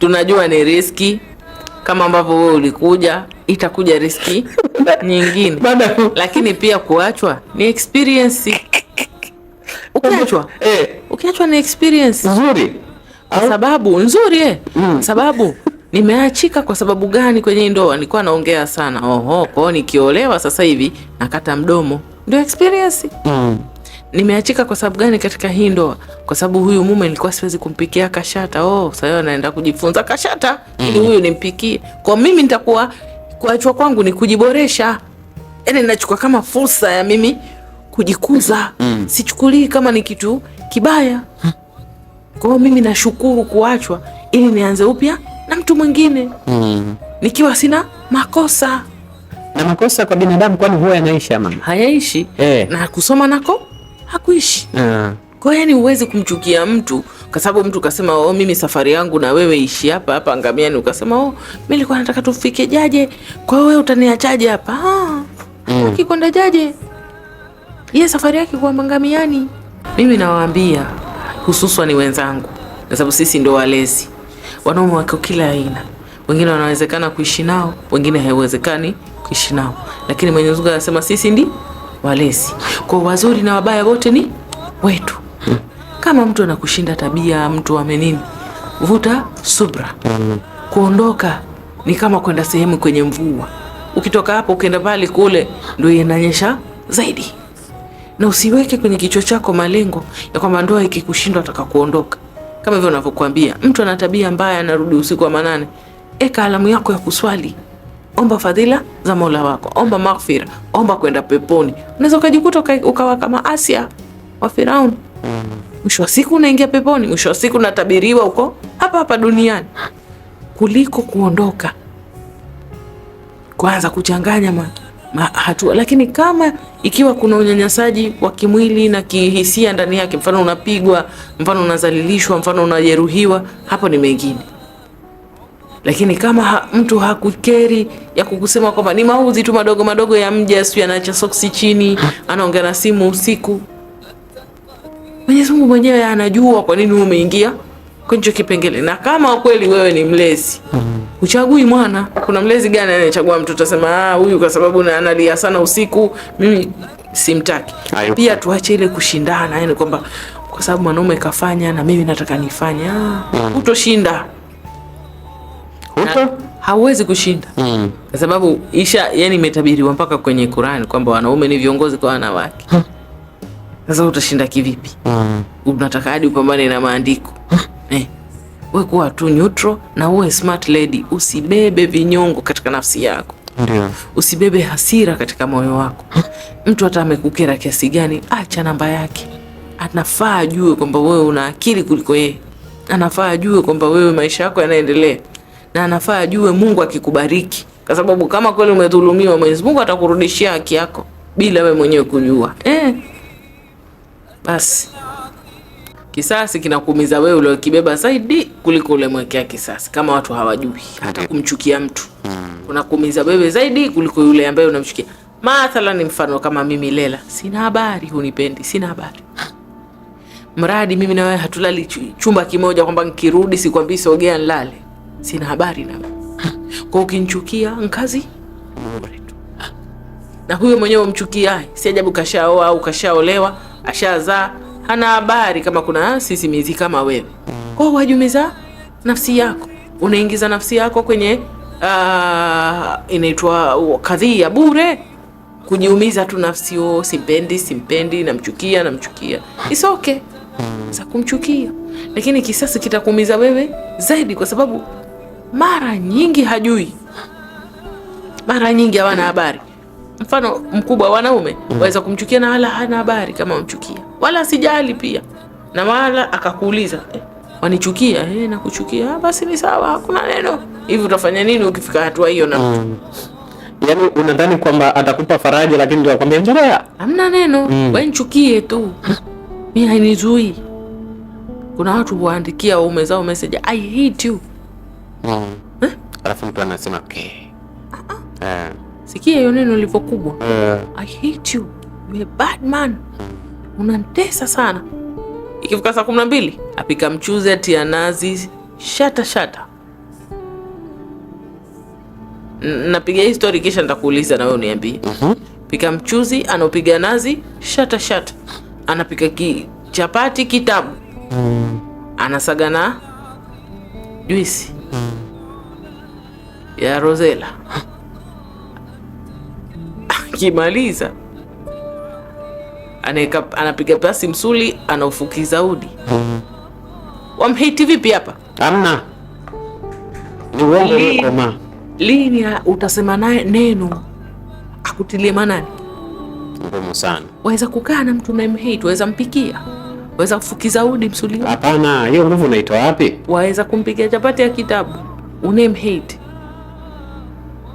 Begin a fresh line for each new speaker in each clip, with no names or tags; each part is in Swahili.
tunajua ni riski kama ambavyo wewe ulikuja, itakuja riski nyingine lakini pia kuachwa ni experience. Ukiachwa eh, ukiachwa ni experience nzuri, kwa sababu nzuri eh, mm. sababu nimeachika kwa sababu gani? Kwenye ndoa nilikuwa naongea sana, oho, kwao nikiolewa sasa hivi nakata mdomo, ndio experience mm nimeachika kwa sababu gani katika hii ndoa? Kwa sababu huyu mume nilikuwa siwezi kumpikia kashata. Oh, sasa anaenda kujifunza kashata mm. ili huyu nimpikie. Kwa mimi nitakuwa kuachwa kwangu ni kujiboresha, yaani ninachukua kama fursa ya mimi kujikuza mm. sichukulii kama ni kitu kibaya. Hm. Kwa hiyo mimi nashukuru kuachwa ili nianze upya na mtu mwingine mm. nikiwa sina makosa.
Na makosa kwa binadamu kwani huwa yanaisha mama?
hayaishi? Eh. na kusoma nako hakuishi yeah. Kwa hiyo yani huwezi kumchukia mtu kwa sababu mtu kasema oh, mimi safari yangu na wewe ishi hapa hapa Ngamiani, ukasema oh, mi likuwa nataka tufike Jaje, kwa hiyo wewe utaniachaje hapa ah, mm. Ukikwenda Jaje ye safari yake kwa Ngamiani. Mimi nawaambia hususwa ni wenzangu, kwa sababu sisi ndo walezi, wanaume wako kila aina, wengine wanawezekana kuishi nao, wengine haiwezekani kuishi nao, lakini Mwenyezi Mungu anasema sisi ndi walezi. Kwa wazuri na wabaya wote ni wetu. Kama mtu anakushinda tabia, mtu amenini, vuta subra. Kuondoka ni kama kwenda sehemu kwenye mvua, ukitoka hapo ukenda pale kule ndio inanyesha zaidi. Na usiweke kwenye kichwa chako malengo ya kwamba ndoa ikikushinda utaka kuondoka. Kama hivyo unavyokuambia, mtu ana tabia mbaya, anarudi usiku wa manane, eka alamu yako ya kuswali omba fadhila za Mola wako, omba maghfira, omba kwenda peponi. Unaweza ukajikuta ukawa kama Asia wa Firauni, mwisho wa siku unaingia peponi, mwisho wa siku unatabiriwa huko hapa hapa duniani, kuliko kuondoka kwanza kuchanganya ma, ma, hatua. Lakini kama ikiwa kuna unyanyasaji wa kimwili na kihisia ndani yake, mfano unapigwa, mfano unazalilishwa, mfano unajeruhiwa, hapo ni mengine lakini kama ha, mtu hakukeri ya kukusema kwamba ni mauzi tu madogo madogo ya mja, sijui anaacha soksi chini, anaongea na simu usiku, Mwenyezi Mungu mwenyewe anajua kwa nini umeingia kwenye kipengele. Na kama kweli wewe ni mlezi uchagui mwana, kuna mlezi gani anayechagua mtoto asema ah, huyu kwa sababu na analia sana usiku, mimi simtaki. Pia tuache ile kushindana, yani kwamba kwa sababu mwanaume kafanya na mimi nataka nifanye, ah, mm. utoshinda hauwezi kushinda mm. sababu isha, yani imetabiriwa mpaka kwenye Qur'an kwamba wanaume ni viongozi kwa wanawake. Sasa utashinda kivipi? mm. unataka hadi upambane na maandiko eh. We kuwa tu neutral na uwe smart lady, usibebe vinyongo katika nafsi yako. Ndiyo. Usibebe hasira katika moyo wako. Mtu hata amekukera kiasi gani, acha namba yake. Anafaa ajue kwamba wewe una akili kuliko yeye, anafaa ajue kwamba wewe maisha yako yanaendelea na anafaa ajue Mungu akikubariki, kwa sababu kama kweli umedhulumiwa, Mwenyezi Mungu atakurudishia haki yako bila we mwenyewe kujua eh. Basi kisasi kinakuumiza wewe uliokibeba zaidi kuliko ulemwekea kisasi. Kama watu hawajui, hata kumchukia mtu hmm. unakuumiza wewe zaidi kuliko yule ambaye unamchukia. Mathala ni mfano kama mimi Lela, sina habari, hunipendi, sina habari mradi mimi na wewe hatulali chumba kimoja, kwamba nikirudi sikwambii sogea nlale sina habari na kwa ukinchukia nkazi na huyo mwenyewe umchukiaye, si ajabu kashaoa au kashaolewa, ashazaa, hana habari kama kuna sisimizi kama wewe. Kwa wajumiza nafsi yako, unaingiza nafsi yako kwenye uh, inaitwa uh, kadhia bure, kujiumiza tu nafsi. O, oh, simpendi, simpendi, namchukia, namchukia, isoke okay. za kumchukia, lakini kisasi kitakuumiza wewe zaidi, kwa sababu mara nyingi hajui, mara nyingi hawana habari. Mfano mkubwa, wanaume waweza kumchukia na wala hana habari kama wamchukia, wala sijali pia, na wala akakuuliza eh, wanichukia eh, na nakuchukia, ah, basi ni sawa, hakuna neno. Hivi utafanya nini ukifika hatua hiyo na mm.
Yani, unadhani kwamba atakupa faraja, lakini ndio akwambia njoraya,
hamna neno mm. Wewe nichukie tu mimi hainizui. Kuna watu huandikia waume zao message I hate you
mm. Alafu mtu anasema okay. uh -uh.
Eh. Sikia hiyo neno kubwa. eh. I hate you. You a bad man. Mm. Unanitesa sana. Ikifika saa kumi na mbili apika mchuzi atia nazi shata shata. Napiga hii story kisha nitakuuliza na wewe uniambie. mm -hmm. Pika mchuzi anaopiga nazi shata shata, anapika ki, chapati kitabu, mm. anasaga na juisi ya Rosela akimaliza anapiga pasi msuli, anaufukiza udi. wamheti vipi hapa?
koma
Lini utasema naye neno akutilie manani? Ngumu sana. Waweza kukaa na mtu unayemhiti, waweza mpikia waweza kufukiza udi msuli.
Hapana, hiyo nguvu unaitoa wapi?
Waweza kumpigia chapati ya kitabu unem hate.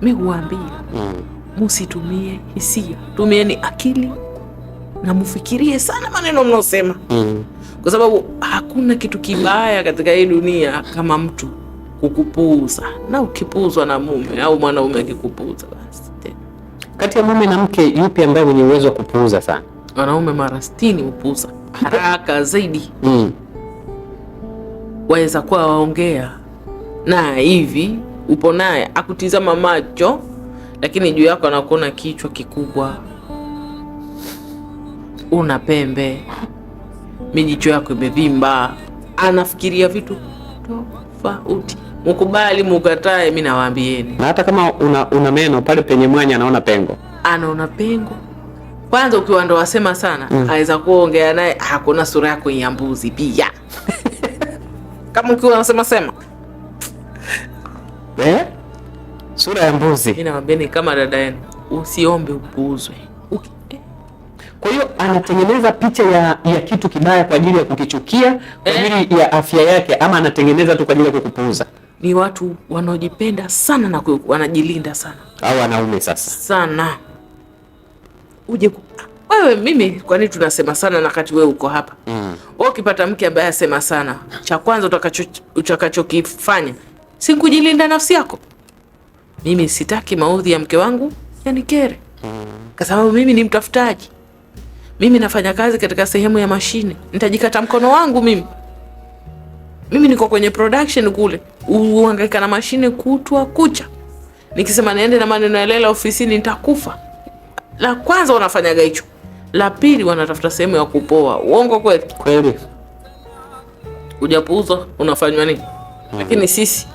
Mi huambia mm, musitumie hisia, tumieni akili na mufikirie sana maneno mnaosema mm, kwa sababu hakuna kitu kibaya katika hii dunia kama mtu kukupuuza, na ukipuuzwa na mume au mwanaume akikupuuza, basi tena
kati ya mume na mke yupi ambaye mwenye uwezo wa kupuuza sana?
Wanaume mara sitini hupuuza haraka zaidi mm. waweza kuwa waongea na hivi, upo naye akutizama macho, lakini juu yako anakuona kichwa kikubwa, una pembe, mijicho yako imevimba, anafikiria vitu tofauti. Mukubali mukatae, mi nawaambieni,
na hata kama una, una meno pale penye mwanya, anaona pengo,
anaona pengo kwanza ukiwa ndo wasema sana mm. aweza kuongea naye hakuna sura yako ya mbuzi pia kama ukiwa unasema sema
eh? sura ya mbuzi.
Mimi kama dada yenu, usiombe upuuzwe.
Eh. Kwa hiyo anatengeneza picha ya, ya kitu kibaya kwa ajili ya kukichukia kwa eh. ajili eh, ya afya yake, ama anatengeneza tu kwa ajili ya kukupuuza.
Ni watu wanaojipenda sana na wanajilinda sana,
au wanaume sasa
sana uje ku... wewe mimi kwani tunasema sana na kati wewe uko hapa mm. Wewe ukipata mke ambaye asema sana, cha kwanza utakachokifanya si kujilinda nafsi yako. Mimi sitaki maudhi ya mke wangu yanikere mm. Kwa sababu mimi ni mtafutaji, mimi nafanya kazi katika sehemu ya mashine, nitajikata mkono wangu mimi. Mimi niko kwenye production kule, uhangaika na mashine kutwa kucha, nikisema niende na maneno ya lela ofisini nitakufa. La kwanza wanafanyaga hicho, la pili wanatafuta sehemu ya kupoa. Uongo kweli kweli, ujapuuzwa unafanywa nini? hmm. Lakini sisi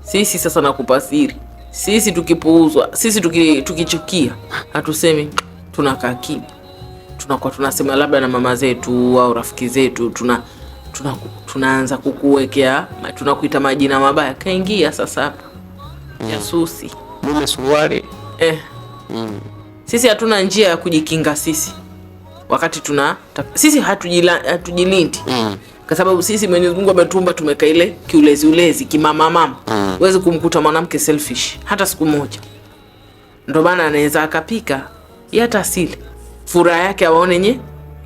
sisi sasa nakupa siri, sisi tukipuuzwa, sisi tuki, tukichukia hatusemi, tunakaa kimya, tunakuwa tunasema labda na mama zetu au rafiki zetu tuna tuna tunaanza kukuwekea tunakuita majina mabaya, kaingia sasa hapa hmm. jasusi,
mimi suruali
eh mm. Sisi hatuna njia ya kujikinga sisi wakati tuna sisi hatujilindi mm. Kwa sababu sisi Mwenyezi Mungu ametumba tumeka ile kiulezi ulezi kimama mama mm. kumkuta mwanamke selfish hata siku moja, ndio maana anaweza akapika hata asili furaha yake awaone nye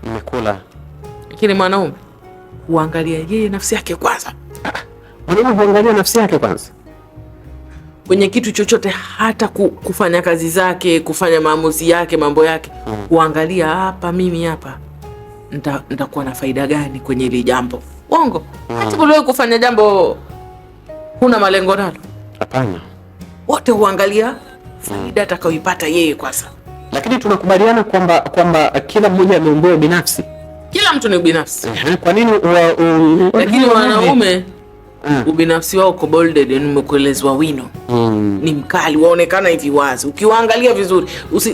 mmekula, lakini mwanaume huangalia yeye nafsi yake kwanza. Ah,
mwanaume huangalia nafsi yake kwanza
kwenye kitu chochote, hata kufanya kazi zake, kufanya maamuzi yake, mambo yake, mm. kuangalia hapa, mimi hapa nitakuwa na faida gani kwenye hili jambo. Uongo mm. hata uliwahi kufanya jambo huna malengo nalo? Hapana, wote huangalia faida mm. atakayoipata yeye kwanza.
Lakini tunakubaliana kwamba kwamba kila mmoja ameumbiwa binafsi,
kila mtu ni binafsi. Kwa nini? Lakini wanaume mm. ubinafsi wao uko bolded, umekuelezwa wino mm. ni mkali, waonekana hivi wazi. Ukiwaangalia vizuri,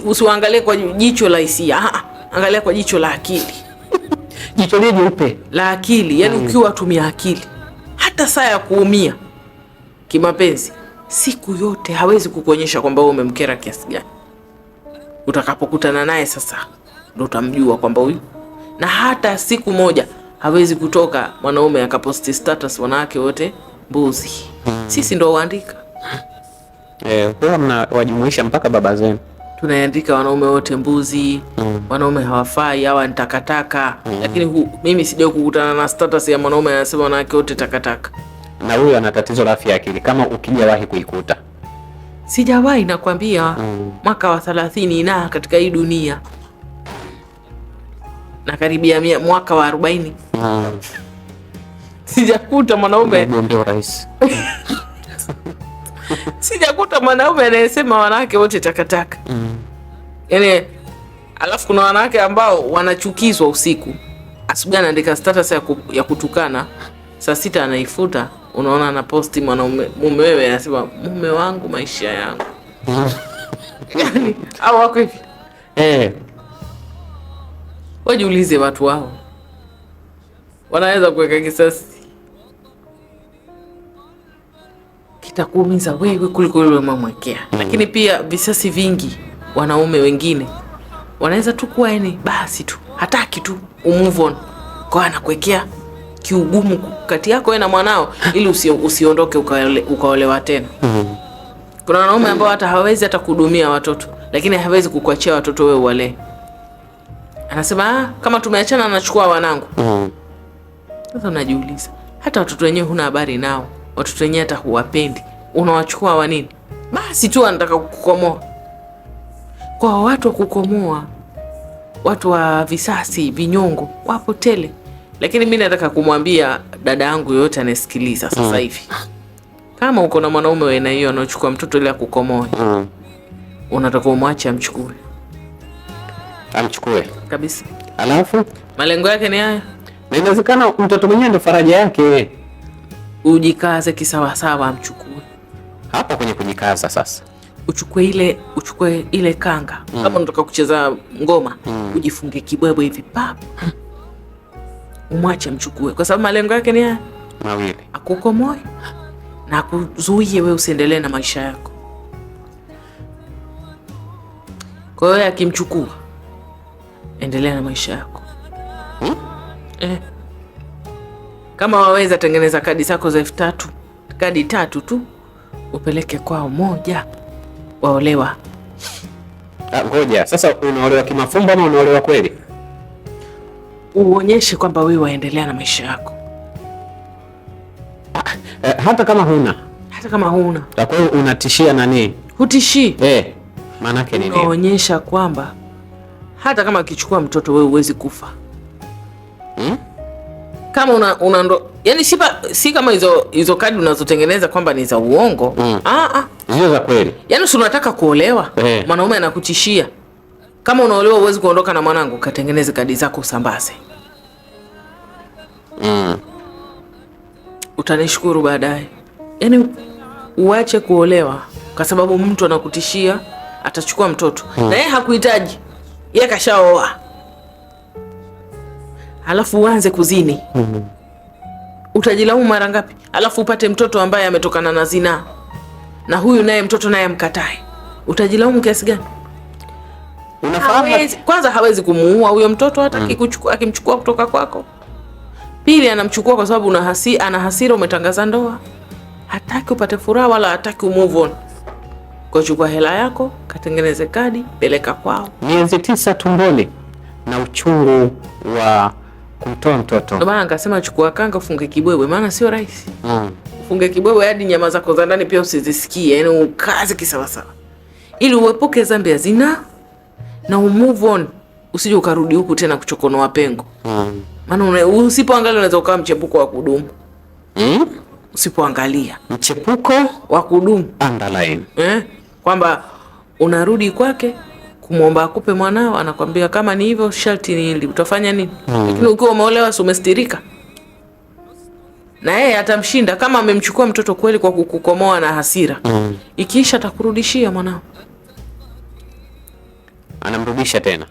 usiwaangalie kwa jicho la hisia, ah, angalia kwa jicho la akili
jicho lile jeupe
la akili, yani mm. ukiwa tumia akili, hata saa ya kuumia kimapenzi siku yote hawezi kukuonyesha kwamba wewe umemkera kiasi gani. Utakapokutana naye sasa ndo utamjua kwamba huyu, na hata siku moja hawezi kutoka mwanaume akaposti status wanawake wote mbuzi. Sisi ndo waandika
eh, kwa mna wajumuisha mpaka baba zenu
tunaandika wanaume wote mbuzi mm. Wanaume hawafai hawa ni takataka mm. Lakini hu, mimi sija kukutana na status ya mwanaume anasema wanawake wote takataka,
na huyo ana tatizo la afya akili kama ukijawahi kuikuta.
Sijawahi nakwambia, mm. mwaka mm. wa thelathini na katika hii dunia na karibia mwaka wa arobaini ah. sijakuta mwanaume sijakuta mwanaume anayesema wanawake wote takataka mm. yani, alafu kuna wanawake ambao wanachukizwa usiku, asubuhi anaandika status ya, ku, ya kutukana, saa sita anaifuta, unaona anaposti mwanaume mume wewe, anasema mume wangu maisha yangu mm. yani, au wako hivi eh Wajiulize, watu wao wanaweza kuweka kisasi kitakuumiza wewe kuliko ule umemwekea. mm. Lakini pia visasi vingi wanaume wengine wanaweza tu kuwa yani, basi tu hataki tu umove on kwa anakuwekea kiugumu kati yako wewe na mwanao hmm. ili usiondoke ukaolewa tena. mm Kuna wanaume ambao hata hawezi hata kuhudumia watoto, lakini hawezi kukuachia watoto wewe walee. Anasema ah, kama tumeachana anachukua wanangu. Mm. Sasa unajiuliza, hata watoto wenyewe huna habari nao, watoto wenyewe hata huwapendi, unawachukua wa nini? Basi tu anataka kukukomoa. Kwa watu wa kukomoa, watu wa visasi, vinyongo wapo tele, lakini mi nataka kumwambia dada yangu yoyote anayesikiliza sasa mm. hivi mm. kama uko na mwanaume wewe na hiyo anaochukua mtoto ili akukomoe, mm. unataka umwache amchukue amchukue kabisa. Alafu malengo yake ni haya,
na inawezekana mtoto mwenyewe ndio faraja yake.
Ujikaze kisawasawa, amchukue
hapa kwenye kujikaza sasa
uchukue ile uchukue ile kanga mm. Kama unataka kucheza ngoma mm. Ujifunge kibwebwe hivi pap, umwache mchukue, kwa sababu malengo yake ni haya mawili, akukomoe na akuzuie wewe usiendelee na maisha yako. Kwa hiyo akimchukua endelea na maisha yako hmm? Eh, kama waweza tengeneza kadi zako za elfu tatu kadi tatu tu upeleke kwao, moja waolewa.
Ah, ngoja sasa, unaolewa kimafumbo ama unaolewa kweli?
Uonyeshe kwamba wewe waendelea na maisha yako
ah, eh, hata kama huna
hata kama huna.
Kwa hiyo unatishia nani? Hutishii eh, maana yake nini?
Unaonyesha kwamba hata kama akichukua mtoto wewe huwezi kufa hmm? kama una, una ndo, yani sipa, si kama hizo hizo kadi unazotengeneza kwamba ni za uongo hmm. Ah, ah.
Hizo za kweli.
Yani si unataka kuolewa eh. Mwanaume anakutishia kama unaolewa huwezi kuondoka na mwanangu, katengeneze kadi zako usambaze hmm. Utanishukuru baadaye. Yani uache kuolewa kwa sababu mtu anakutishia atachukua mtoto hmm. na yeye hakuhitaji yeye kashaoa, alafu uanze kuzini Utajilaumu mara ngapi? Alafu upate mtoto ambaye ametokana na zinaa, na huyu naye mtoto naye amkatae, utajilaumu kiasi gani? Hawezi, kwanza hawezi kumuua huyo mtoto hata mm. akimchukua kutoka kwako. Pili, anamchukua kwa sababu una hasi, ana hasira, umetangaza ndoa, hataki upate furaha wala hataki move on. Kwa chukua hela yako, katengeneze kadi, peleka kwao.
Miezi tisa tumboni na uchungu wa kumtoa mtoto. ndo
maana nikasema chukua kanga, ufunge kibwebwe, maana sio rahisi mm. Ufunge kibwebwe hadi nyama zako za ndani pia usizisikie, yani ukaze kisawasawa, ili uepuke dhambi ya zina na umove on, usije ukarudi huku tena kuchokonoa pengo mm. Maana usipoangalia unaweza ukawa mchepuko wa kudumu mm. Usipoangalia
mchepuko wa kudumu underline
eh? kwamba unarudi kwake kumwomba akupe mwanao, anakwambia kama ni hivyo sharti ni hili, utafanya nini? Hmm. Lakini mm. ukiwa umeolewa, si umestirika na yeye atamshinda kama amemchukua mtoto kweli kwa kukukomoa na hasira mm. Ikiisha atakurudishia mwanao,
anamrudisha tena.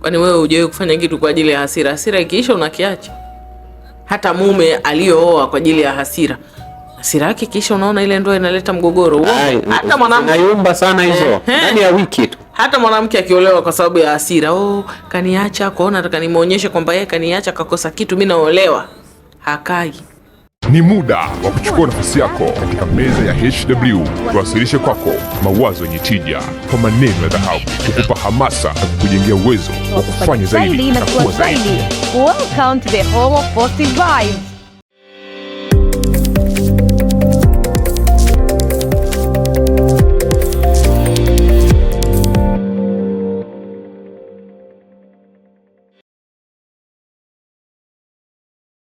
Kwani wewe hujawahi kufanya kitu kwa ajili ya hasira? Hasira ikiisha unakiacha. Hata mume aliyooa kwa ajili ya hasira hasira yake kisha, unaona ile ndoa inaleta mgogoro. Hata mwanamke
anayumba sana hizo eh, eh. ndani ya wiki tu,
hata mwanamke akiolewa kwa sababu ya hasira, oh, kaniacha kwaona, nataka kwamba yeye kaniacha, kakosa kitu, mimi naolewa. Hakai. Ni muda wa kuchukua nafasi yako katika meza ya HW, tuwasilishe kwako mawazo yenye tija kwa maneno ya dhahabu, kukupa hamasa na kukujengea uwezo wa kufanya zaidi na kuwa zaidi. Welcome to the of positive vibes.